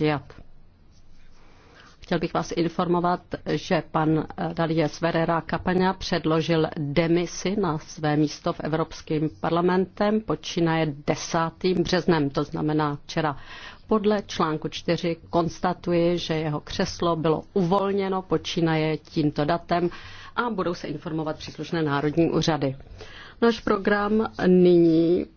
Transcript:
přijat. Chtěl bych vás informovat, že pan eh, Darius Sverera Kapaňa předložil demisi na své místo v Evropském parlamentem, počínaje 10. březnem, to znamená včera. Podle článku 4 konstatuje, že jeho křeslo bylo uvolněno, počínaje tímto datem a budou se informovat příslušné národní úřady. Náš program nyní